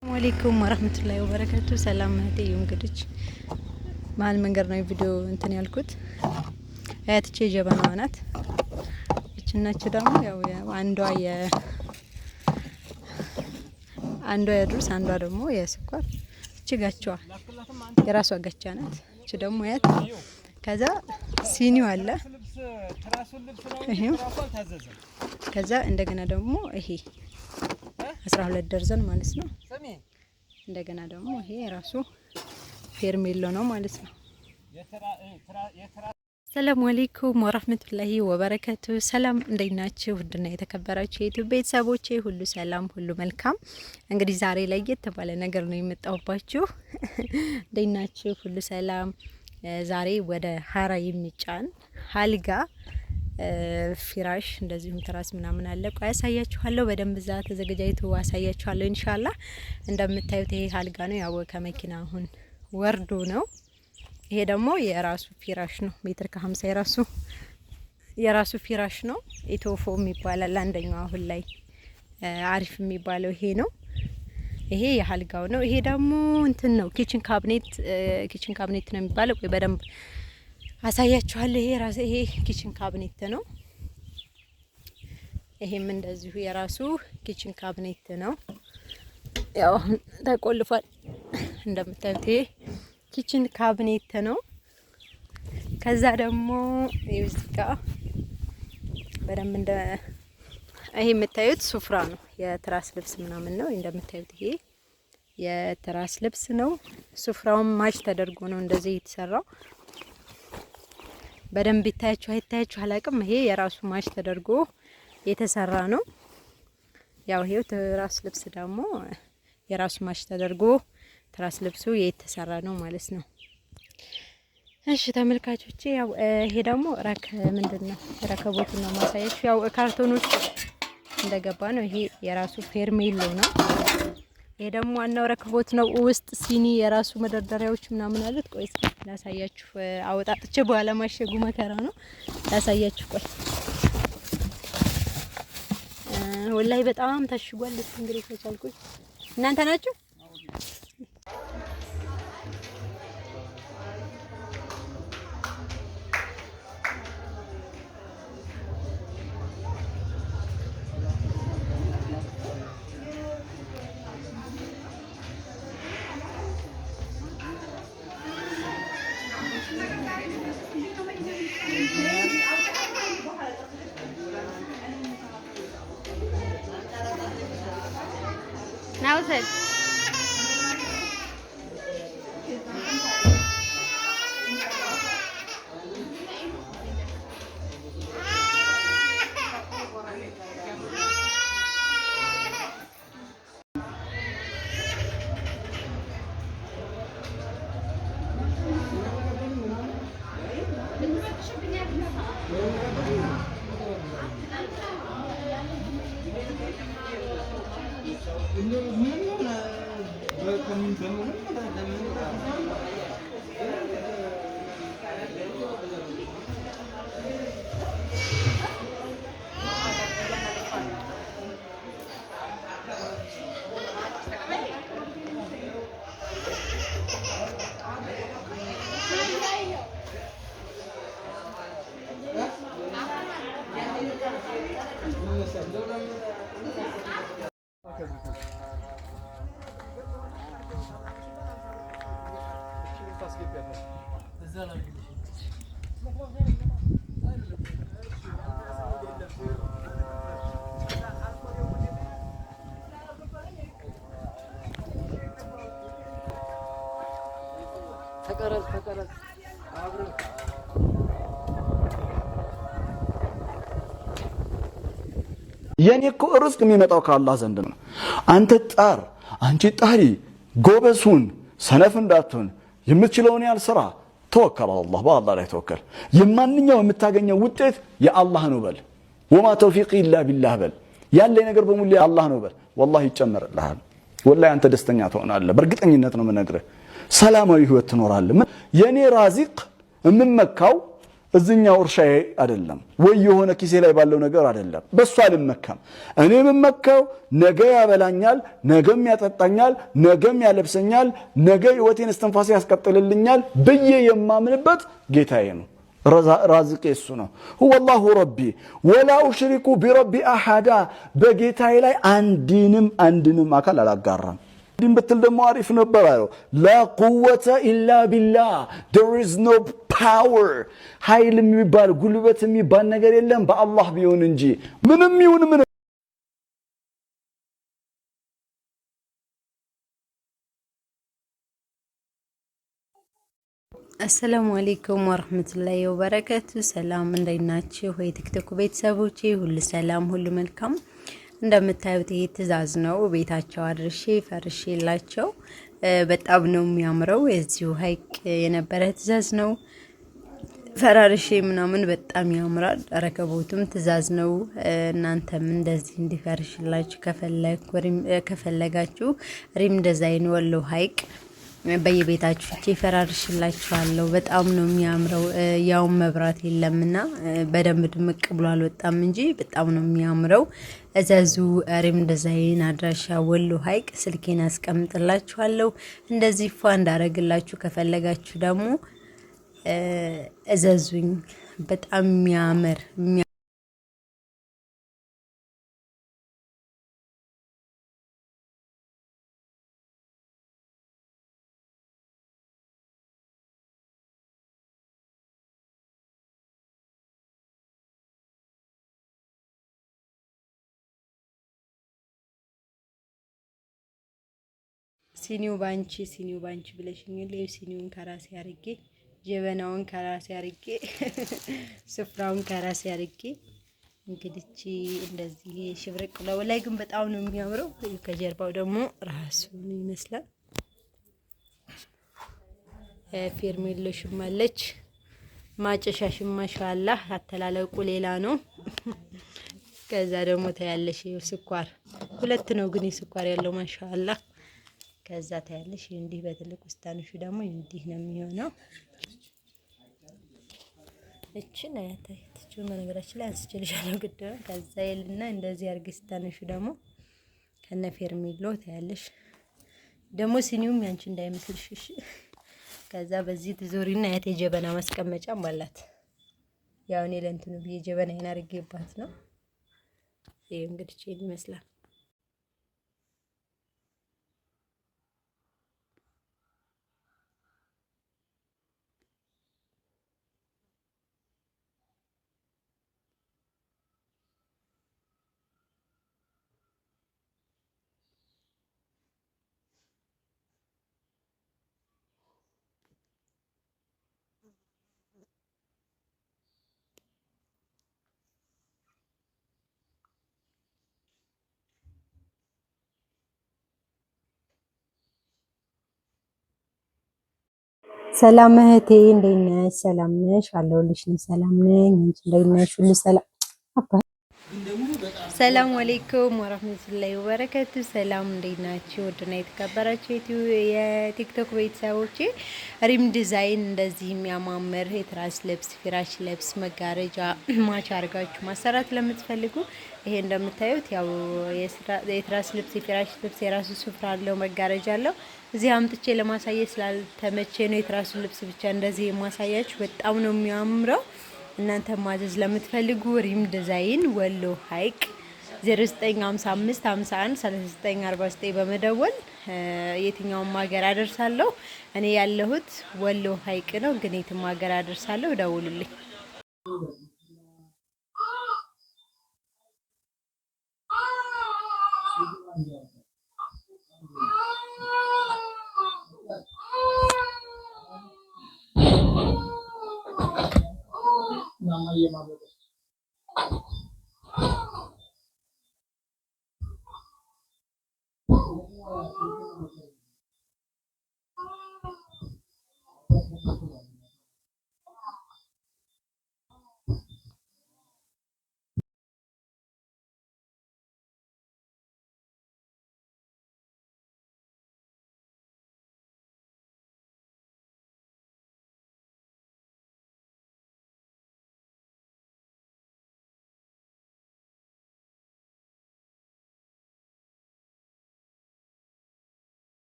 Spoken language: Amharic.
አሰላሙአለይኩም ወራህመቱላሂ ወበረካቱ። ሰላም እህቴ እንግዲህ መሀል መንገድ ነው ቪዲዮ እንትን ያልኩት። አያትቼ ጀበናዋ ናት። እችናች ደግሞ ያው አንዷ የ አንዷ የድሩስ አንዷ ደግሞ የስኳር እች ጋቸዋ የራሷ ጋቻ ናት። እች ደግሞ አያት ከዛ ሲኒው አለ ይሄው ከዛ እንደገና ደግሞ ይሄ አስራ ሁለት ደርዘን ማለት ነው። እንደገና ደግሞ ይሄ የራሱ ፌርሜሎ ነው ማለት ነው። ሰላም አለይኩም ወራህመቱላሂ ወበረከቱ። ሰላም እንዴት ናችሁ? ውድና የተከበራችሁ የዩቲዩብ ቤተሰቦቼ ሁሉ ሰላም፣ ሁሉ መልካም። እንግዲህ ዛሬ ለየት ባለ ነገር ነው የመጣሁባችሁ። እንዴት ናችሁ? ሁሉ ሰላም። ዛሬ ወደ ሀራ የሚጫን ሀልጋ ፊራሽ እንደዚሁም ትራስ ምናምን አለ። ቆይ አሳያችኋለሁ በደንብ እዛ ተዘገጃጅቶ አሳያችኋለሁ ኢንሻላ እንደምታዩት ይሄ አልጋ ነው ያው ከመኪና አሁን ወርዶ ነው። ይሄ ደግሞ የራሱ ፊራሽ ነው። ሜትር ከ50 የራሱ የራሱ ፊራሽ ነው። ኢቶፎ የሚባላል አንደኛው አሁን ላይ አሪፍ የሚባለው ይሄ ነው። ይሄ የአልጋው ነው። ይሄ ደግሞ እንትን ነው ኪችን ካብኔት ኪችን ካብኔት ነው የሚባለው። ወይ በደንብ አሳያችኋለሁ። ይሄ ራሴ ይሄ ኪችን ካብኔት ነው። ይሄም እንደዚሁ የራሱ ኪችን ካብኔት ነው። ያው ተቆልፏል እንደምታዩት ይሄ ኪችን ካብኔት ነው። ከዛ ደግሞ እዚህ ጋር በደንብ እንደ ይሄ የምታዩት ሱፍራ ነው። የትራስ ልብስ ምናምን ነው እንደምታዩት። ይሄ የትራስ ልብስ ነው። ሱፍራውን ማሽ ተደርጎ ነው እንደዚህ የተሰራው። በደንብ ይታያችሁ አይታያችሁ አላቅም። ይሄ የራሱ ማሽ ተደርጎ የተሰራ ነው። ያው ይሄው ትራስ ልብስ ደግሞ የራሱ ማሽ ተደርጎ ትራስ ልብሱ የተሰራ ነው ማለት ነው። እሺ ተመልካቾቼ፣ ያው ይሄ ደግሞ ረክ ምንድን ነው ረከቦቱ ነው ማሳያችሁ። ያው ካርቶኖች እንደገባ ነው። ይሄ የራሱ ፌርሜሎ ነው። ይሄ ደግሞ ዋናው ረክቦት ነው። ውስጥ ሲኒ የራሱ መደርደሪያዎች ምናምን አሉት። ቆይ እስኪ ላሳያችሁ። አወጣጥቼ በኋላ ማሸጉ መከራ ነው። ላሳያችሁ። ቆይ ወላይ በጣም ታሽጓል። እስኪ እንግዲህ ከቻልኩኝ እናንተ ናችሁ 있는 있는 거는 뭐 그럼 너무 흥분하다는 거야. ተቀረጽ ተቀረጽ የኔ እኮ ርዝቅ የሚመጣው ከአላህ ዘንድ ነው። አንተ ጣር፣ አንቺ ጣሪ፣ ጎበሱን ሰነፍ እንዳትሆን የምትችለውን ያህል ስራ። ተወከል አላህ፣ በአላህ ላይ ተወከል። የማንኛው የምታገኘው ውጤት የአላህ ነው በል። ወማ ተውፊቅ ኢላ ቢላህ በል። ያለ ነገር በሙሉ የአላህ ነው በል። ወላሂ ይጨመርልሃል። ወላሂ አንተ ደስተኛ ትሆናለህ። በእርግጠኝነት ነው የምነግርህ። ሰላማዊ ህይወት ትኖራለህ። የኔ ራዚቅ የምመካው እዚኛው እርሻዬ አይደለም ወይ የሆነ ኪሴ ላይ ባለው ነገር አይደለም። በሱ አልመካም። እኔ የምመካው ነገ ያበላኛል፣ ነገም ያጠጣኛል፣ ነገም ያለብሰኛል፣ ነገ ህይወቴን እስትንፋሴ ያስቀጥልልኛል ብዬ የማምንበት ጌታዬ ነው። ራዝቄ እሱ ነው። ወላሁ ረቢ ወላ ኡሽሪኩ ቢረቢ አሓዳ። በጌታዬ ላይ አንድንም አንድንም አካል አላጋራም። እንዲህ ብትል ደግሞ አሪፍ ነበር አለው። ላ ቁወተ ኢላ ቢላ ዴር ኢዝ ኖ ፓወር ኃይል የሚባል ጉልበት የሚባል ነገር የለም በአላህ ቢሆን እንጂ ምንም ይሁን ምን አሰላሙ አሌይኩም ወረህመቱላሂ ወበረከቱ። ሰላም እንደናችሁ ወይ ቲክቶክ ቤተሰቦቼ ሁሉ ሰላም ሁሉ መልካም እንደምታዩት ይሄ ትዛዝ ነው። ቤታቸው አድርሼ ፈርሼ የላቸው በጣም ነው የሚያምረው። የዚሁ ሀይቅ የነበረ ትዛዝ ነው። ፈራርሼ ምናምን በጣም ያምራል። ረከቦቱም ትዕዛዝ ነው። እናንተም እንደዚህ እንዲፈርሽላችሁ ከፈለጋችሁ ሪም ዲዛይን ወሎ ሀይቅ በየቤታችሁ ቼ ፈራርሽላችኋለሁ። በጣም ነው የሚያምረው። ያውን መብራት የለምና በደንብ ድምቅ ብሏል። በጣም እንጂ በጣም ነው የሚያምረው። እዘዙ። ሪም ዲዛይን አድራሻ ወሎ ሀይቅ ስልኬን አስቀምጥላችኋለሁ። እንደዚህ ፏ እንዳረግላችሁ ከፈለጋችሁ ደግሞ እዘዙኝ። በጣም የሚያምር ሲኒው ባንቺ ሲኒው ባንቺ ብለሽኛል። ሲኒውን ከራሴ አርጌ፣ ጀበናውን ከራሴ አርጌ፣ ስፍራውን ከራሴ አርጌ እንግዲህ እንደዚህ ሽብርቅ ብለው ላይ ግን በጣም ነው የሚያምረው። ከጀርባው ደግሞ ራሱን ይመስላል። ፌርሜሎሽም አለች ማጨሻሽም ማሻአላ አተላለቁ ሌላ ነው። ከዛ ደግሞ ታያለሽ ስኳር ሁለት ነው ግን ስኳር ያለው ማሻአላ ከዛ ታያለሽ እንዲህ በትልቅ ውስታንሹ ደግሞ እንዲህ ነው የሚሆነው። እችን አያታችሁ በነገራችን ላይ አንስችልሻለሁ ግድ ነው። ከዛ ይልና እንደዚህ አርግ ስታንሹ ደግሞ ከነ ፌርሚሎ ታያለሽ። ደግሞ ሲኒውም ያንቺ እንዳይመስልሽ እሺ። ከዛ በዚህ ትዞሪና ያቴ ጀበና ማስቀመጫም አላት። ያው እኔ ለእንትኑ ብዬ ጀበና ይናርጌባት ነው። ይሄ እንግዲህ ይመስላል። ሰላም እህቴ እንዴት ነሽ? ሰላም ነሽ? አለሁልሽ። እኔ ሰላም ነኝ። እንዴት ነሽ? ሁሉ ሰላም። ሰላም አለይኩም ወራህመቱላሂ ወበረከቱ። ሰላም እንዴት ናችሁ? ወድና የተከበራችሁ የቲክቶክ ቤተሰቦቼ ሪም ዲዛይን እንደዚህ የሚያማምር የትራስ ልብስ፣ ፊራሽ ልብስ፣ መጋረጃ ማች አድርጋችሁ ማሰራት ለምትፈልጉ ይሄ እንደምታዩት ያው የትራስ ልብስ፣ የፊራሽ ልብስ የራሱ ስፍራ አለው፣ መጋረጃ አለው እዚህ አምጥቼ ለማሳየት ስላልተመቼ ነው የትራሱን ልብስ ብቻ እንደዚህ የማሳያችሁ። በጣም ነው የሚያምረው። እናንተ ማዘዝ ለምትፈልጉ ሪም ዲዛይን ወሎ ሀይቅ 0955513949 በመደወል የትኛውም ሀገር አደርሳለሁ። እኔ ያለሁት ወሎ ሀይቅ ነው፣ ግን የትም ሀገር አደርሳለሁ። ደውሉልኝ። Thank you. ನಮ್ಮ ಈ ಮಗಳು